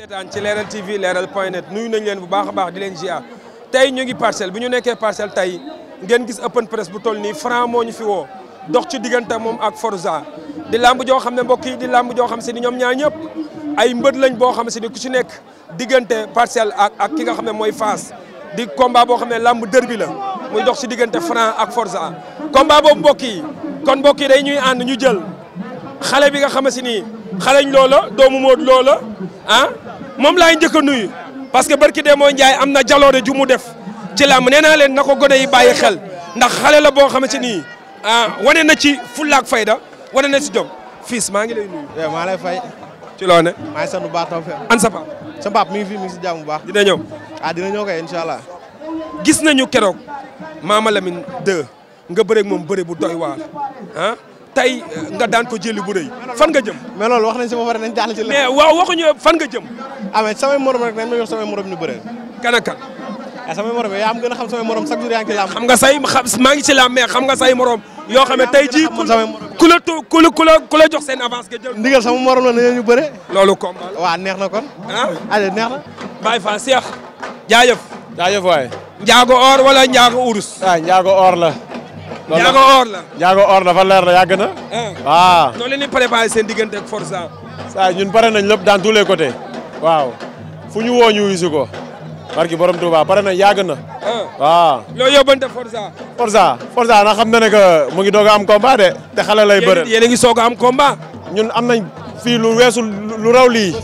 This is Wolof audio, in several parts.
seetaan ci leeral TV leeral point net nuyu nañ leen bu baax a baax di leen GA tey ñu ngi parcelle bi ñu nekkee parcelle tey ngeen gis open press bu toll nii Franc moo ñu fi woo dox ci diggante moom ak Forza di làmb joo xam ne mbokk yi di làmb joo xam si ni ñoom ñaar ñëpp ay mbër lañ boo xam si ni ku si nekk diggante parcelle ak ak ki nga xam ne mooy Fass di combat boo xam ne làmb dër bi la muy dox si diggante Franc ak Forza combat boobu mbokk yi kon mbokk yi day ñuy ànd ñu jël xale bi nga xam si ni xaleñ loola doomu Modou loola ah moom laay njëkk a nuyu parce que barki dee moo am na jaloore ju mu def ci làmb nee naa leen na ko gone yi bàyyi xel ndax xale la boo xam si ni ah wane na ci fulla fayda wane na si jom fils maa ngi lay nuyu. waaw eh, maa lay fay. ci loo ne. maa ngi sant bu baax taw feex. an sa pap. sa pap mi ngi si jàmm bu baax. dina ñëw. Ah, dina ñëw kay incha allah. gis nañu keroog Mama Lamine 2 nga bëreeg moom bëre bu doy waar ah tey eh, nga daan ko jëli bu rëy fan nga jëm. mais loolu wax nañ si ba pare nañ jàll nga jëm. ah mais samay morom rek nañ ma jox samay morom ñu bëreel. kan ah, a maa ngi ci làmb mais xam nga say morom yoo xam ne tey jii ku la ku la ku la ku jox seen avance nga jël. ndigal sama morom la ne ñu bëre. loolu combat waaw neex na kon. ah allez neex na. Baye Fall Cheikh jaajëf. jaajëf waay. Njaago or wala Njaago urus. waaw ah, or la. Njaago or la. Njaago or dafa leer la yàgg na. waaw. Ah. Ah. noonu la préparé seen diggante ak Forza. saa ñun pare nañ lépp dans tous les côtés. waaw fu ñu woo ñu ko. barki borom Touba pare na yàgg na. waaw. Ah. loolu yóbbante Forza. Forza Forza na xam na ne mu ngi doog am combat de te xale lay bëre. yéen a ngi soog a am combat. ñun am nañ fii lu weesu lu raw lii.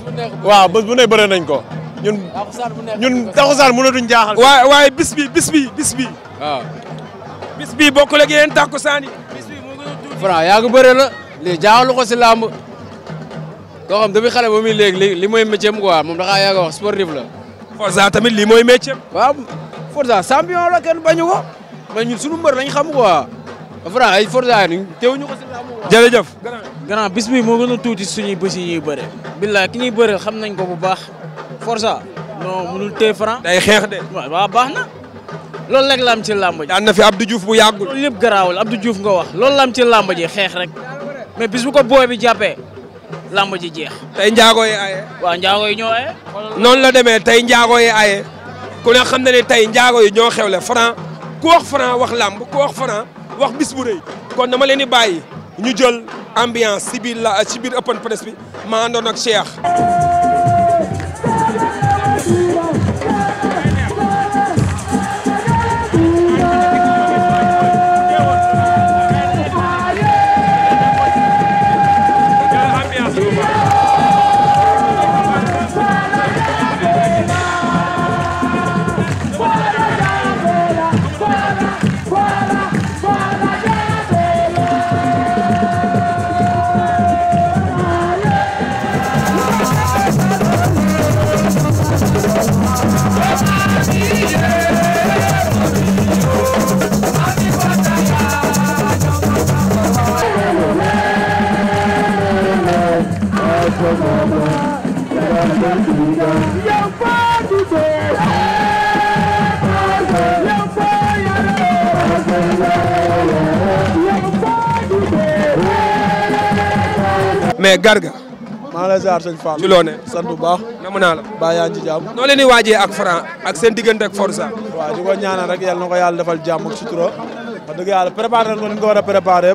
waaw bés bu ne bëre nañ ko. ñun ñun taxusaan mënatuñ jaaxal. waaye waaye bis bi bis bi bis bi. waaw. Ah. bis bi bokkul ak yeneen takkusaan yi. bis bi mu ngi tuuti. Franc yaa ngi bëre la lii jaaxalu ko si làmb. koo xam depuis xale ba li la. Forza tamit lii mooy métier am. waaw. Forza champion la kenn bañu ko mais ñun suñu mbër lañ xam quoi Franc ay sa yi teewuñu ko si làmb quoi. jërëjëf. grand bis bi moo gën a tuuti suñuy bés yi ñuy bëre. billaay ki ñuy bëre xam nañ ko bu baax sa non mënul téye Franc. day xeex de. waaw baax na. loolu rek la am ci làmb daan na fi Abdou Diouf bu yàggul. loolu yëpp garaawul Abdou Diouf nga wax loolu la am ci làmb ji xeex rek mais bis ko booy bi jàppee làmb i jeex. tey njaago yi aye. waaw njaago yi ñoo aye. la demee tey ku ne xam na ne tey njaago yi ñoo xewle Franc ku wax Franc wax làmb ku wax Franc wax bis bu rëy kon dama leen di bàyyi ñu jël ambiance si biir la si biir open press bi ma àndoon ak Cheikh. mais Garga. maa ngi lay ziar sëñ Fall. ci loonee sant la baa yaa ngi ci jàmm. noo leen di waajee ak Franc ak seen diggante ak Forza. waaw di ko ñaanal rek yàlla na ko yàlla defal jàmm ak sutura. wax ko ni ñu ko war a préparé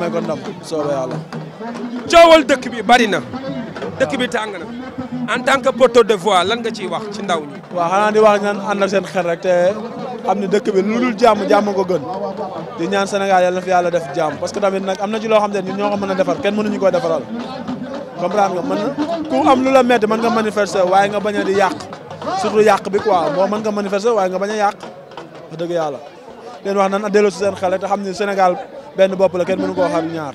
may ko ndam soobee yàlla. coowal dëkk bi bari na. dëkk bi tàng na. en tant que porte de voix lan ga ciy wax ci ndaw ñi. waaw xanaa di wax ñu naan ànd rek te xam ne dëkk bi lu dul jàmm jàmm ko gën di ñaan na fi yàlla def jàmm parce que tamit nag am na ci loo xam ne ñun ñoo ko mën a defar kenn mënuñu ko defaral comprendre nga mën am lu la metti mën nga manifester waaye nga bañ a di yàq surtout yàq bi quoi boo mën nga manifester waaye nga bañ a yàq wax dëgg yàlla leen wax nan a delloo si seen xale te xam ne Sénégal benn bopp la kenn mënu koo xam ñaar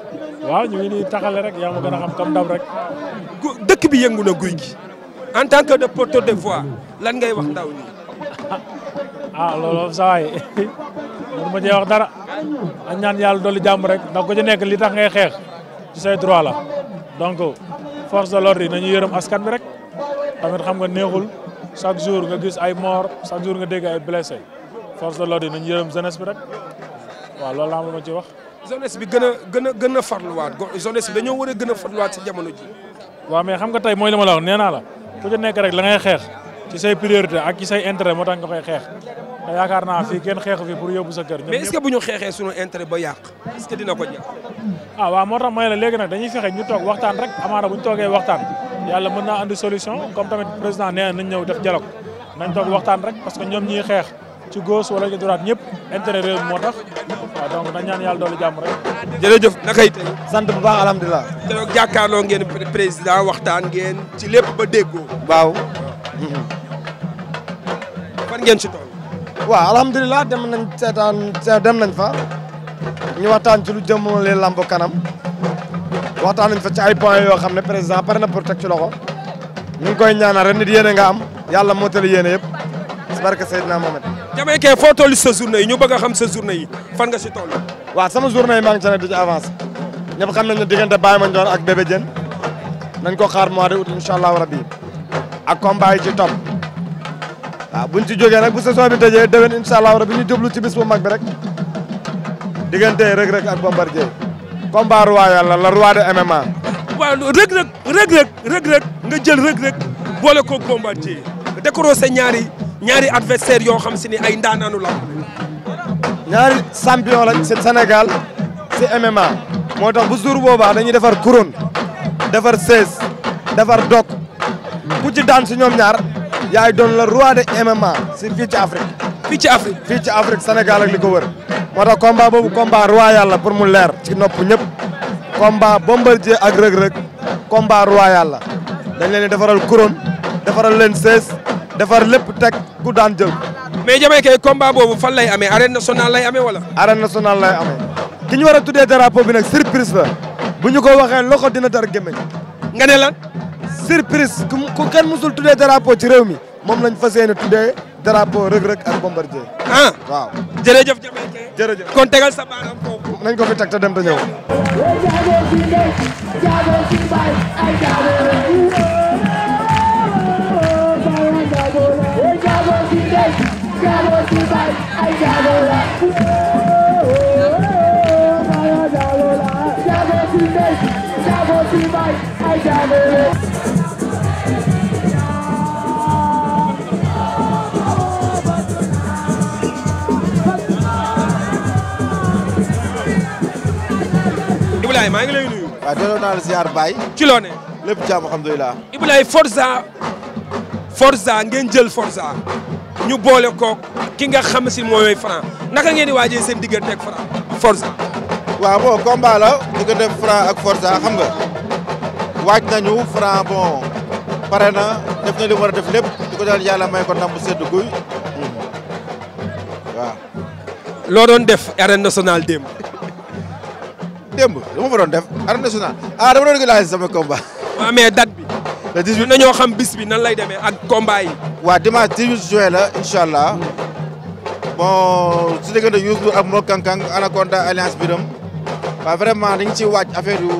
waaw ñu ngi nii taxale rek yaa ma gën a xam comme dam rek. dëkk bi yëngu na guy gi en tant que de porteur de voix lan ngay wax ndaw ñi. ah loolu saa waay man ma wax dara. añ ñaan yàlla dolli jàmm rek ndax ku ci nekk li tax ngay xeex ci say droit la donc force de l'ordre yi nañu yërëm askan bi rek tamit xam nga neexul chaque jour nga gis ay mort chaque jour nga dégg ay blessé force de l'ordre yi nañu yërëm jeunesse bi rek waaw loolu laa ma ci wax. jeunesse bi gën a gën a gën a farluwaat jeunesse bi dañoo war a gën a farluwaat si jamono ji. waaw mais xam nga tey mooy li ma la wax nee naa la ku ci nekk rek la ngay xeex ci say priorité ak ci say intérêt moo tax nga koy xeex te yaakaar naa fii kenn xeexu fi pour yóbbu sa kër. mais est-ce que bu ñu xeexee sunu intérêt ba yàq est-ce que dina ko ñàkk. ah waaw moo tax mooy la léegi nag dañuy fexe ñu toog waxtaan rek amaana bu ñu toogee waxtaan yàlla mën naa andi solution comme tamit président nee nañ ñëw def dialogue nañ toog waxtaan rek parce ci gauche wala ci droite ñëpp intere réew mi moo tax waaw donc dañ ñaan yàlla doolu jàmm rek. sant bu baax alhamdulilah. keroog jàkkaarloo ngeen président waxtaan ngeen ci lép ba déggoo. waaw. fan ngeen ci toll. waaw dem nañ seetaan dem nañ fa ñu waxtaan ci lu jëmale lambo kanam waxtaan nañ fa ci ay points yoo xam ne président pare na pour teg ci loxo ñu ngi koy ñaanal ren nit yéene nga am yàlla moo tali yéene yëpp si barke Seydina Mohamed Jamaïcain foo toll sa journée yi ñu bëgg a xam sa journée yi fan nga si toll. waaw sama journée yi maa ngi ci ne di ci avancé ñëpp xam nañ ne diggante Baye Mandione ak Bébé Diène nañ ko xaar mois de août incha allahu rabi ak combat yi ci topp waaw buñ ci jógee rek bu saison bi tëjee déwén incha allahu rabi ñu joblu ci bis bu mag bi rek diggante Reug Reug ak Bombardier combat royal la la roi de MMA. waa Reug Reug Reug Reug Reug Reug nga jël Reug Reug boole ko Bombardier décoré sa ñaari. ñaari adversaire yoo xam si ni ay ndaanaanu la ñaari champion lañ si senegal si MMA moo tax bu jour boobaa dañuy defar couronne defar sees defar dok ku ci daan si ñoom ñaar yaay don la roi de MMA si fii ci Afrique. fii ci Afrique fii ci Afrique Sénégal ak li ko wër. moo tax combat boobu combat royal la pour mu leer ci nopp ñëpp combat bombardier ak rëg-rëg combat royal la dañ leen di defaral couronne defaral leen defar lépp teg. ku daan jël mais Jamaïcain combat boobu fan lay amee arène nationale lay amee wala. arène nationale lay amee. ki ñu war a tuddee drapeau bi nag surprise la bu ñu ko waxee loxo dina dar gémmiñ. nga ne lan. surprise ku kenn musul tuddee darapo ci réew mi moom lañ fas yéene darapo drapeau Reug Reug ak Bombardier. ah waaw jërëjëf Jamaïcain. jërëjëf kon tegal sa baaraam foofu. nañ ko fi teg te dem te ñëw. Ibulaay maa ngi lay nuyu. waaw delloo naa la ziar Baye. ci loo ne. lépp jàmm alhamdulilah. Ibulaay Forza Forza ngeen jël Forza ñu boole kook ki nga xam si mooy Franc naka ngeen di waajee seen diggante ak Franc Forza. waaw bon combat la diggante Franc ak Forza xam nga waaj nañu Franc bon pare na def na li mu war a def lépp di ko daal yàlla may ko ndam bu sedd guy hmm. loo doon def arène nationale démb. démb lu ma fa doon def arène nationale ah dama doon gën sama combat. waaw ah, mais date bi. le 18 xam bis bi nan lay demee ak combat yi. waaw dimanche 18 juin la incha allah. Hmm. bon su diggante Youssou ak Mor Kang Kang Anaconda alliance biram waaw vraiment dañ ciy waaj affaire yu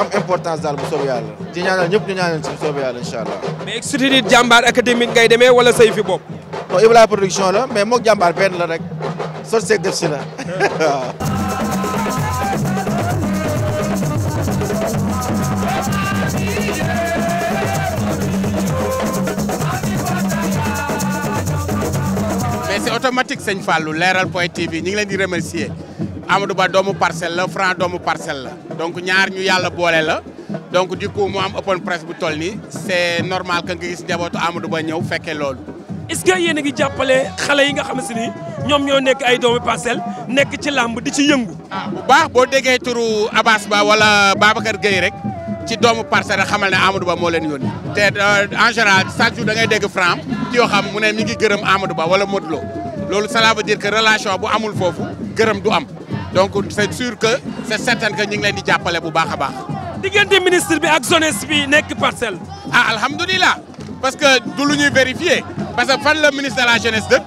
am importance daal bu soobee yàlla di ñaanal ñëpp ñu ñaanal ci bu soobee yàlla incha mais extrédit jàmbaar académique ngay wala say fi bopp. non Ibrahima production la mais moog jàmbaar benn la rek sot seeg def la c' est automatique sëñ Fallou leeral point TV ñu ngi leen di remercier Amadou Ba doomu parcelle la Franc doomu parcelle la donc ñaar ñu yàlla boole la donc di coup mu am open presse bu toll ni c' normal que nga gis njabootu Amadou Ba ñëw fekkee loolu. est ce que a ngi jàppale xale yi nga xam si ni ñoom ñoo nekk ay doomu parcelle nekk ci làmb di ci yëngu. a ah, bu baax boo déggee turu Abass Ba wala Babacar Gueye rek. ci doomu parcelle xamal ne Amadou Ba moo leen yónni te euh, en général chaque jour da ngay dégg franc xam mu ne mi gërëm Amadou Ba wala Modou Lo loolu cela veut dire que bu amul foofu gërëm du am donc c' est sûr que c' est certain ñu ngi leen di jàppale bu baax a baax. diggante ministre bi ak jeunesse bi nekk parcelle. ah alhamdulilah parce que du lu ñuy vérifier parce que fan la ministre la jeunesse dëkk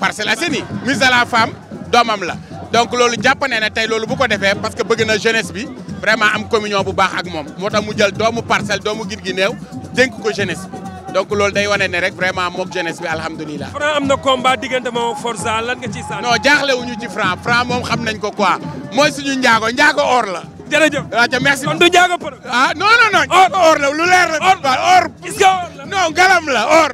Parcelles Assainies ministre la femme doomam la donc loolu jàpp ne ne tey loolu bu ko defee parce que bëgg na jeunesse bi. vraiment am communion bu baax ak moom moo tax mu jël doomu parcelle doomu gin gi néew dénk ko jeunesse bi donc loolu day wane ne rek vraiment am jeunesse bi alhamdulilah. Franc am na combat diggante moom Forza lan nga ciy sànni. non jaaxlewuñu ci Franc Franc moom xam nañ ko quoi mooy suñu njaago njaago or la. jërëjëf rajo ah, merci kon du njaago për. ah non non non. or or la lu leer la. or or gis nga or la. non galam la or.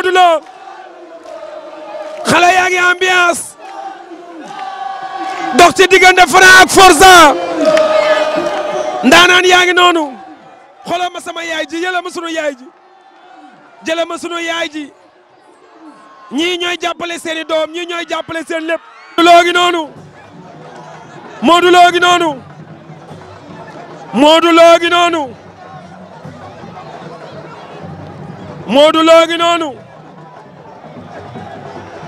Modou Lo xale yaa ngi ambiance dox ci diggante Franc yaa ngi noonu xoolal ma sama yaay ji yële ma sunu yaay ji ma sunu yaay ji ñii ñooy jàppale seeni doom ñii ñooy jàppale seen lépp. Modou Lo ngi noonu Modou Lo ngi noonu Modou Lo ngi noonu.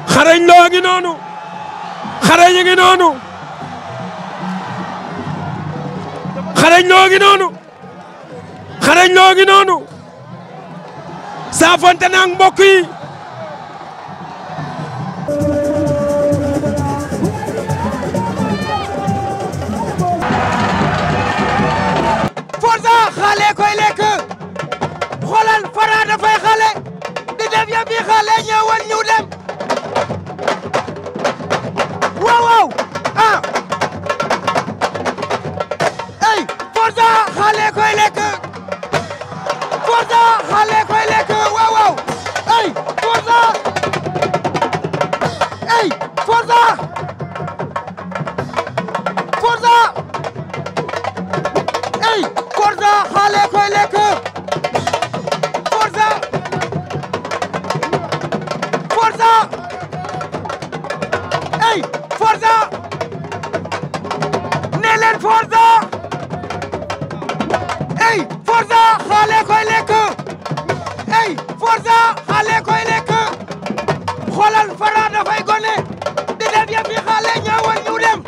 xarañ loo ngi noonu xarañ ngi noonu xarañ loo ngi noonu xarañ loo ngi noonu saafonte naa mbokk yi Forza xale koy lekk xoolal Fara dafay xale di def yëf yi xale ñëwal ñu Forza nee leen Forza ey Forza xaale koy lekk ey Forza xaale koy lekk xoolal Fara dafay gone di leen yem xaale ñaawal ñu dem.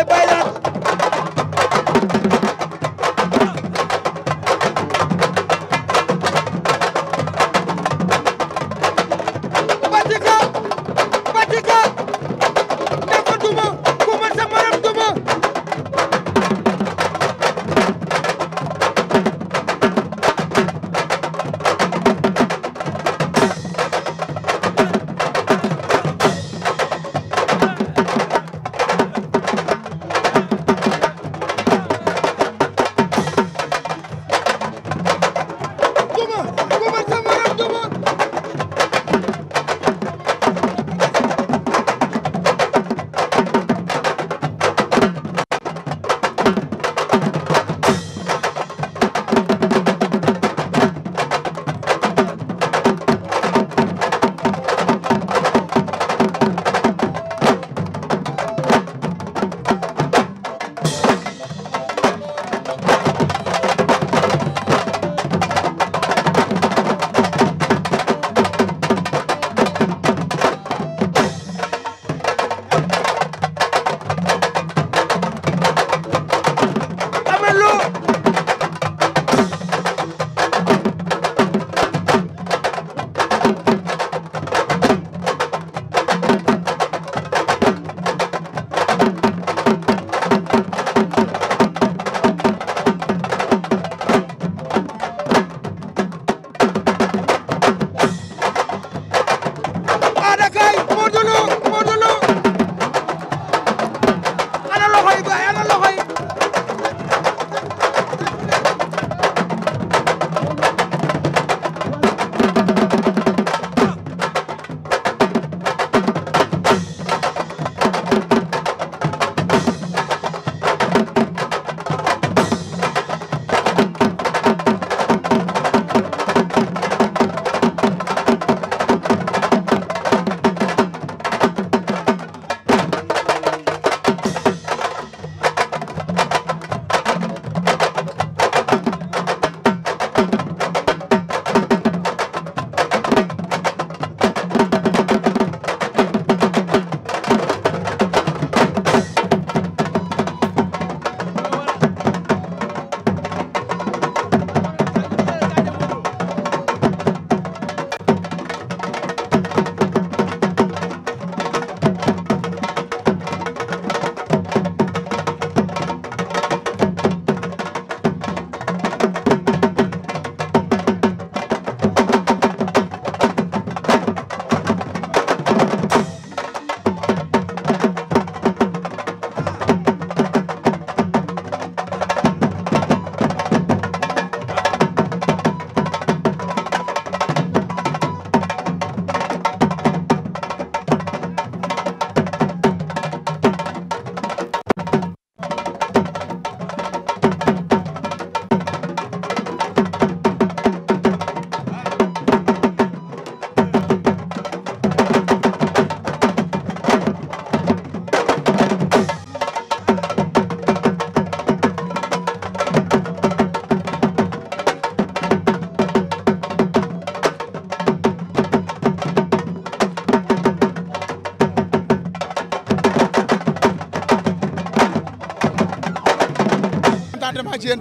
Boy Baylaat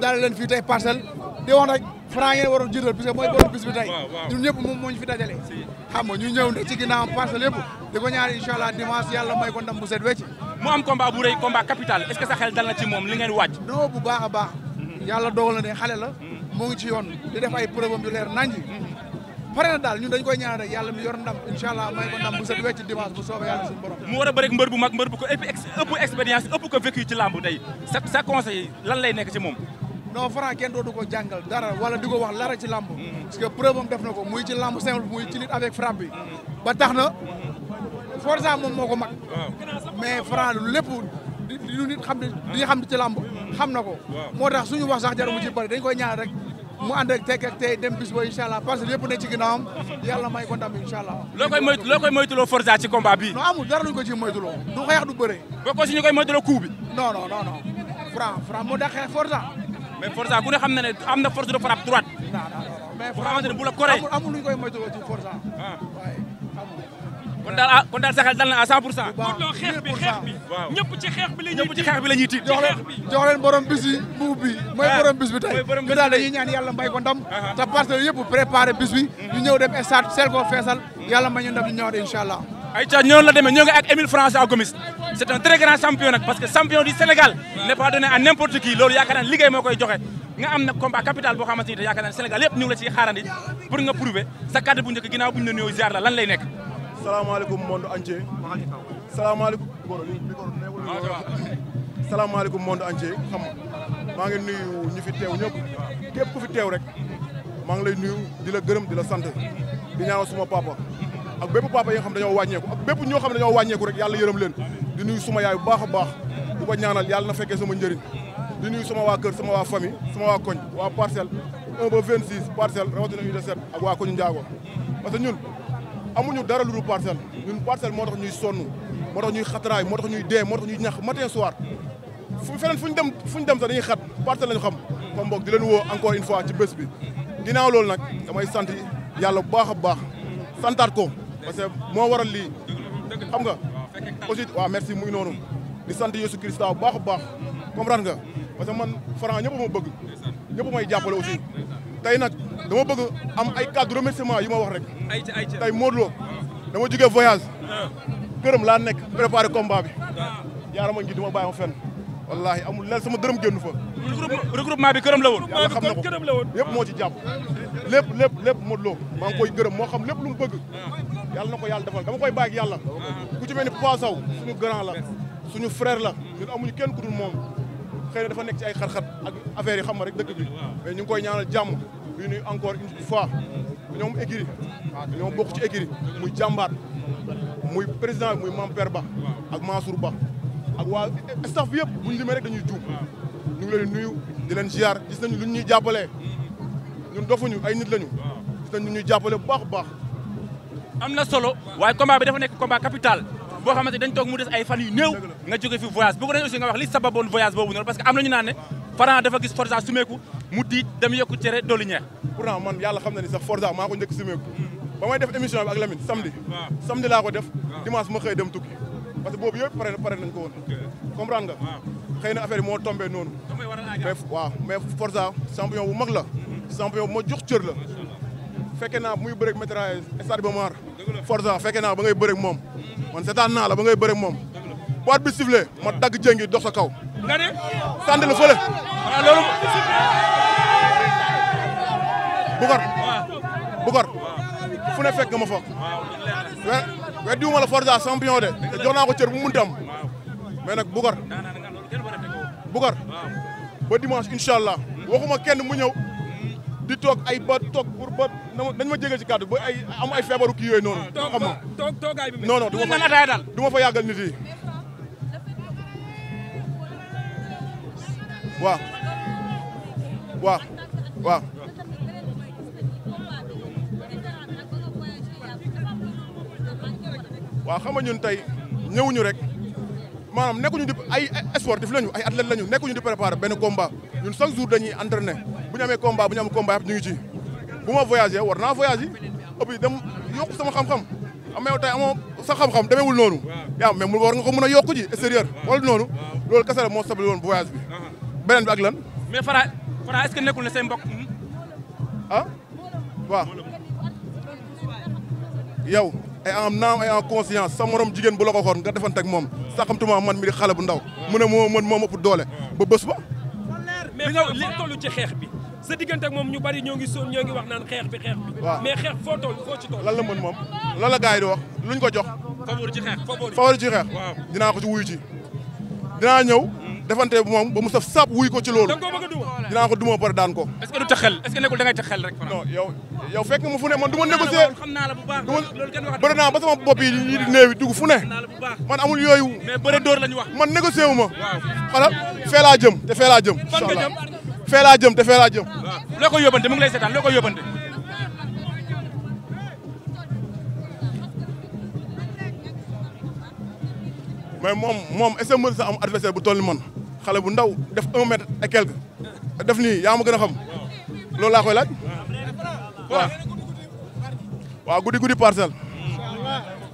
daal leen fii tey parcelle di wax nag waroon jiital parce mooy borom bis bi tey ñun ñëpp moom moo ñu fi dajale xam ñëw ne ci ginnaawam parcelle yëpp di ko ñaari incha allah dimanche yàlla may ko bu set wecc mu am combat bu rëy combat capital est-ce ci moom li ngeen wàcc non bu baax a baax mm-hmm. yàlla dogal na ne xale mm-hmm. yoon di def ay preuve am yu leer naññi mm-hmm. pare daal ñun dañ koy ñaan rek yàlla mi yor ndam incha allah may ko ndam bu set wecc dimanche bu soobee yàlla lan lay nekk ci moom non Franc kenn dootu ko jàngal dara wala di ko wax lara ci làmb mm-hmm. parce que preuve am def na ko muy ci làmb simple muy ci lutte avec frappe mm-hmm. ba tax na mm-hmm. Forza moom moo ko mag mais Franc lu lépp lu nit xam ne di xam ci làmb xam na ko moo tax suñu wax sax jaru mu ci bëri koy ñaan rek mu ànd ak tekk ak tey dem bis ba incha allah parce que yëpp ne ci ginnaawam yàlla may ko ndam incha allah. loo koy moytu loo koy moytuloo Forza ci combat bii. non dara luñ koy mais Forza ku ne xam na ne am na force de frappe droite. bu xamante ne bu koy moytuwoo ci Forza. kon daal ah, kon daal saxal dal na à 100 pour cent. waaw xeex bi xeex bi. waaw ñëpp ci xeex bi la ci bi la ñuy tiit. jox leen borom bis yi mbuub bi. mooy ah. borom bis bi tey ñu daal dañuy ñaan yàlla mbay ko ndam. Ah, te parce que yëpp préparé bis mm. ñu ñëw dem stade sel ko feesal. yàlla may ñu ndam ñu ñëwaat incha allah. ay ca ñoonu la demee ñoo ngi ak Émile François Gomis c' est un très grand champion nag parce Sénégal n' est a donné à n' importe qui loolu yaakaar ne liggéey moo koy joxe nga am nag combat capital boo xamante ni te Sénégal yëpp ñu ngi xaarandi pour nga prouver sa kàddu bu njëkk ginnaaw bu ñu la nuyoo ziar la lan lay nekk. salaamaaleykum monde entier. salaamaaleykum. Ah, salaamaaleykum monde entier xam nga maa ngi nuyu ñu fi teew ñëpp képp ku fi teew rek maa ngi lay nuyu di la gërëm di la sant di ñaanal suma papa. ak bépp papa yi nga xam dañoo wàññeeku ak bépp ñoo xam dañoo wàññeeku rek yàlla yërëm leen di nuyu suma yaay bu baax a baax ñaanal yàlla na fekkee sama njëriñ di nuyu sama waa kër sama waa famille sama waa koñ waa parcelle 1 ba 26 parcelle rawatina unité 7 ak waa koñu njaago parce que ñun amuñu dara lu dul parcelle ñun parcelle moo tax ñuy sonn moo tax ñuy xatraay moo tax ñuy dee moo tax ñuy ñax matin soir fu feneen fuñ dem fuñ dem sax dañuy xat parcelle lañu xam kon mbokk di leen woo encore une fois ci bés bi ginnaaw loolu nag damay sant yàlla bu baax a baax santaat ko parce que moo waral lii xam nga aussi waaw merci muy noonu di sant Yesu Christa bu baax a baax comprendre nga parce que man Franc ñëpp ma bëgg ñëpp may jàppale aussi tey nag dama bëgg am ay cadre remerciement yu ma wax rek tey Modou Lo dama jógee voyage ah. këram laa nekk préparé combat bi ah. yaara ma ngi du ma bàyyi ma fenn wallahi amul lel sama dërëm génn fa regroupement bi këram la woon xam na ko yëpp moo ci jàpp lépp lépp lépp Modou loo maa ngi koy gërëm moo xam lépp lu mu bëgg ah. yàlla na ko yàlla defal dama koy bàyyi ak yàlla ku ci mel ni Papa Sow suñu grand la suñu frère la ñun amuñu kenn ku dul moom xëy na dafa nekk ci ay xat-xat ak affaire yi xam nga rek dëkk bi mais ñu ngi koy ñaanal jàmm yu nuy encore une fois ñoom écurie ñoom bokk ci écurie muy jàmbaar muy président muy Mame Père Ba ak Mansour Ba ak waa staff yëpp buñ limee rek dañuy juum ñu ngi leen nuyu di leen ziar gis nañu luñ ñuy jàppalee ñun dofuñu ay nit lañu gis nañ ñuy jàppale bu baax am na solo waaye combat bi dafa nekk combat capital boo xamante dañ toog mu des ay fan yu néew nga jóge fi voyage bëgg nañ aussi nga wax li sababoon voyage boobu noonu parce que am nañu naan ne Franc dafa gis Forza sumeeku mu diit dem yokku cere doolu ñeex pourtant man yàlla xam na ni sax Forza maa ko njëkk sumeeku ba may def émission bi ak Lamine samedi samedi laa ko def dimanche ma xëy dem tukki parce que boobu yëpp pare pare nañ ko woon nga xëy na affaire moo tombé noonu mais waaw mais Forza champion bu mag la mm-hmm. jox cër la fekke naa muy bëreeg météo stade Iba Mar Forza fekke naa ba ngay bëreeg moom man seetaan naa la ba ngay bëreeg moom bu at bi sifflé ma dagg jëngi dox kaw. nga la fële. Bukar. Bukar fu fekk nga ma foog. we we diwuma la Forza champion de te jox naa ko cër bu mu munti am mais Bukar. Bukar ba dimanche incha allah hmm. waxuma kenn mu ñëw. di toog ay ba toog pour ba nañ ma jégal ci kàddu ba ay am ay feebaru kii noonu. xam ah, nga toog toogaay bi. non non du ma fa daal du ma fa yàggal nit yi. waaw waaw waaw. waaw xam nga ñun tey ñëwuñu rek maanaam nekkuñu di ay sportif lañu ay athlètes lañu nekkuñu di préparer benn combat. ñun chaque jour dañuy entraîné bu ñu amee combat bu ñu am combat yëpp ñu ngi ci bu ma voyagé war naa voyagé et puis dem yokk sama xam-xam amee tey amoo sa xam-xam demeewul noonu yaa mais war nga ko mën a yokku ji extérieur wala noonu loolu kese la moo sabli woon voyage bi uh-huh. beneen bi ak lan mais Fara Fara nekkul ne say mbokk ah waaw yow ay en naam ay en conscience sa morom jigéen bu la ko xoon nga defante ak moom saxamtuma man mi di xale bu ndaw mu ne moo mën moom doole ba bés ba mais foo tollu ci xeex bi sa diggante ak moom ñu bari ñoo ngi sonn wax naan xeex bi xeex bi. waaw mais xeex foo toll foo ci mën moom lan la gars yi di wax luñ ko jox. favori ci xeex favori ci xeex. waaw dinaa ko ci wuyu ci. dinaa ñëw. defante moom ba mu saf sap wuy ko ci loolu. da nga a duma dinaa ko duma ba pare daan ko. du taxel est-ce que nekkul da rek. non yow yow fekk ma fu ne man du ma négocier bëri naa ba sama bopp yi di néew yi dugg fu ne man amul yooyu. mais bëri door lañu wax. man négocier wu ma. xanaa fee laa jëm te fee laa jëm. incha laa jëm te fee laa jëm. waaw ngi lay seetaan loo koy yóbbante. mais moom moom est-ce que am adversaire bu toll ni man xale bu ndaw def un mètre et def nii yaa gën a xam loolu koy laaj. waaw waaw guddi guddi parcelle. Hmm.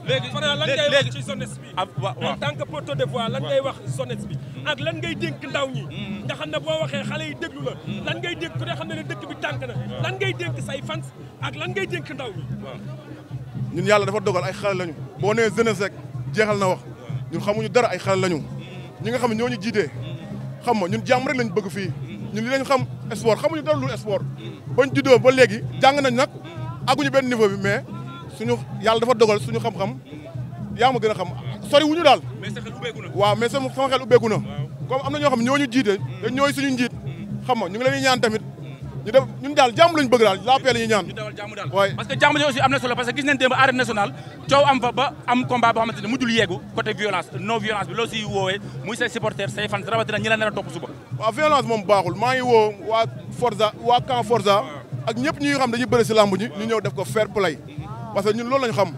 léegi lan ngay wax ci jeunesse bi en tant que porte de voix lan ngay wax jeunesse bi ak lan ngay dénk ndaw ñi hmm. nga xam ne boo waxee xale yi déglu la hmm. lan ngay dénk ku ne xam ne ne dëkk bi tànk na lan ngay dénk say fans ak lan ngay dénk ndaw ñi ñun yàlla dafa dogal ay xale lañu boo nee jeunesse rek jeexal na wax ñun xamuñu dara ay xale lañu ñi nga xam ne ñoo ñu jiitee xam ma ñun jàmm rek lañ bëgg fii ñun li lañ xam sport xamuñu dara lu sport bañ juddoo ba léegi jàng nañ nag aguñu benn niveau bi mais suñu yàlla dafa dogal suñu xam-xam yaa gën a xam sori wuñu daal waaw mais sama xel ubbeeku na am na ñoo xam ñooñu jiite dañ ñooy suñu njiit xam nga ñu leen di ñaan tamit ñu daal jàmm lañ bëgg daal la paix la ñaan waay parce que jàmm ji solo parce que gis nañ démb arène nationale coow am fa ba am combat boo xamante ne mujjul yeegu côté violence waaw violence moom baaxul maa ngi woo waa Forza waa camp Forza ak ñëpp ñi nga xam dañuy bëri si làmb ñi ñu def ko fair play parce que ñun loolu lañu xam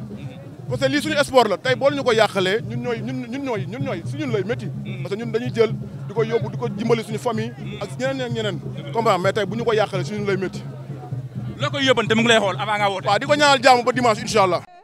parce que lii suñu sport la tey boo ñu ko yàqalee ñun ñooy ñun ñun ñooy ñun ñooy si ñun lay métti parce que ñun dañuy jël di ko yóbbu di jimbali suñu famille ak ñeneen ak ñeneen comprendre mais tey bu ñu ko yàqalee si ñun lay métti loo koy yóbbante mu ngi lay xool avant nga woote waaw di ko allah